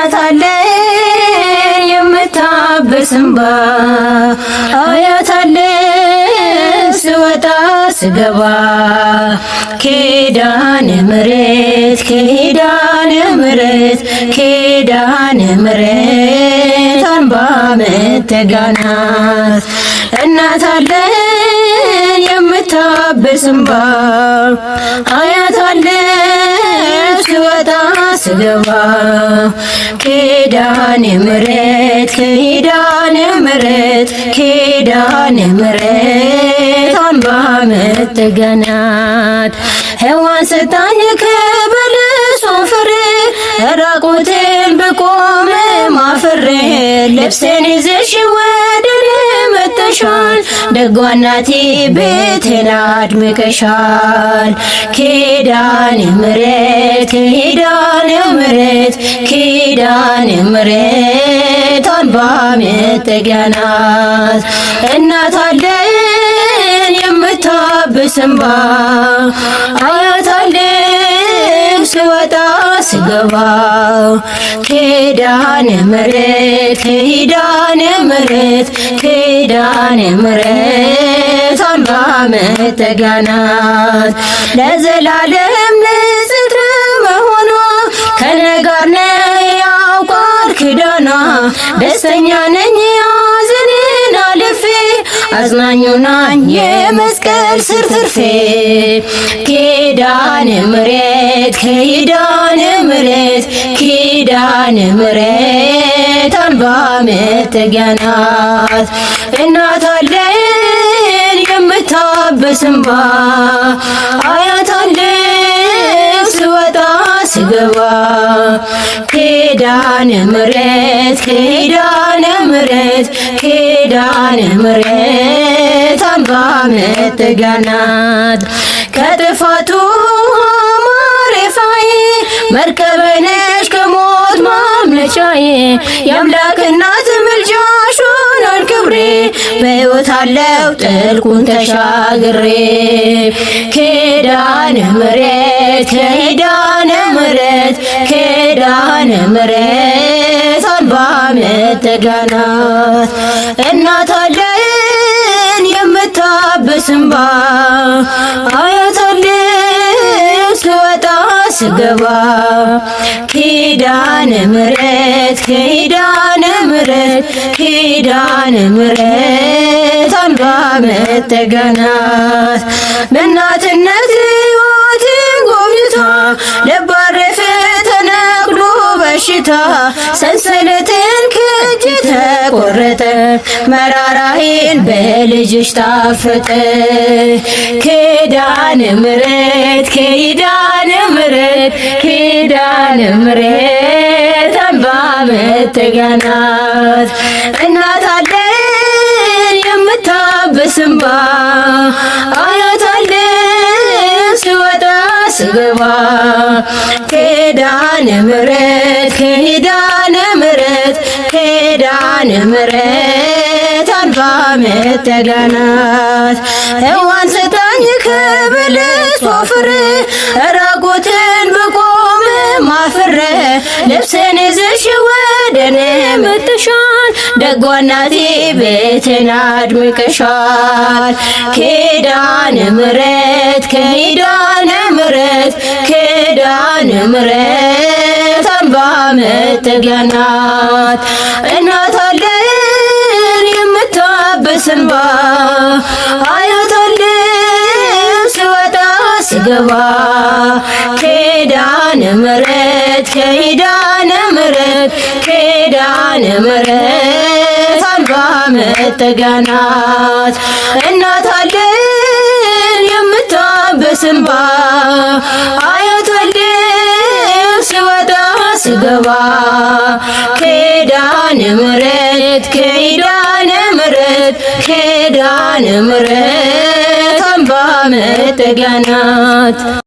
አያታለን የምታብስምባ አያታለን ስወጣ ስገባ ኪዳነ ምሕረት ኪዳነ ምሕረት ኪዳነ ምሕረት አንባ መተጋናት ስገባ ኪዳነ ምሕረት ኪዳነ ምሕረት ኪዳነ ምሕረት አንባ ምትገናት ሔዋን ስታይ ከበለሷ ፍሬ ራቁቴን ብቆም ማፍሬ ልብሴን ይዘሽ ወደ አድምቀሻል ደጓ እናቴ ቤቴን አድምቀሻል ኪዳነ ምሕረት ኪዳነ ምሕረት ኪዳነ ምሕረት አንባ መጠጊያ ናት እናት አለን ስገባ ኪዳነ ምሕረት ኪዳነ ምሕረት ኪዳነ ምሕረት አምባ መጠጊያ ለዘላለም ንጽሕት መሆኗ ከኔ ነው ያውቃል ኪዳኗ ደስተኛ አዝናኙናኝ የመስቀል ስር ትርፌ ኪዳነ ምሕረት ከይዳነ ምሕረት ኪዳነ ምሕረት አልባ መጠጊያ ናት የምታበስምባ አለን ስወጣ ስገባ ኪዳነ ምሕረት ኪዳነ ምሕረት ኪዳነ ምሕረት ገናት ከጥፋቱ ማረፊያዬ መርከቤ ነሽ ከሞት ማምለጫዬ የአምላክ እናት ምልጃሽ ሆኗል ክብሬ በሕይወት አለው ጥልቁን ተሻግሬ ኪዳነ ምሕረት ኪዳነ ምሕረት ኪዳነ ምሕረት አልባ ምትገናት እናት እንባ አያታልም ስወጣ ስገባ ኪዳነ ምሕረት ኪዳነ ምሕረት ኪዳነ ምሕረት አልባ መጠጋናት በእናትነት ጎብኝታ በሽታ ሰንሰለት ተቆረጠ መራራይን በልጅሽ ታፈጠ ኪዳነ ምሕረት ኪዳነ ምሕረት ኪዳነ ምሕረት አምባ መጠጊያ ናት እናት አለን የምታብስ እንባ ስወጣ ስገባ ኪዳነ ምሕረት ኪዳነ ምህረት ኪዳነ ምህረት አልባ መጠጋናት ሔዋን ስጠኝ ከበለሷ ፍሬ ራቁቴን ብቆም ማፍሬ ልብሴን ይዘሽ ወደኔ ቤቴን አድምቀሻል ኪዳነ ኪዳነ ኪዳነ በእንባ ምትገናት እናታለን የምታብስ እንባ አያታለን ስወጣ ስገባ ኪዳነ ምሕረት ኪዳነ ምሕረት ኪዳነ ምሕረት አበባ ኪዳነ ምሕረት ኪዳነ ምሕረት ኪዳነ ምሕረት አምባ መጠጊያ ናት።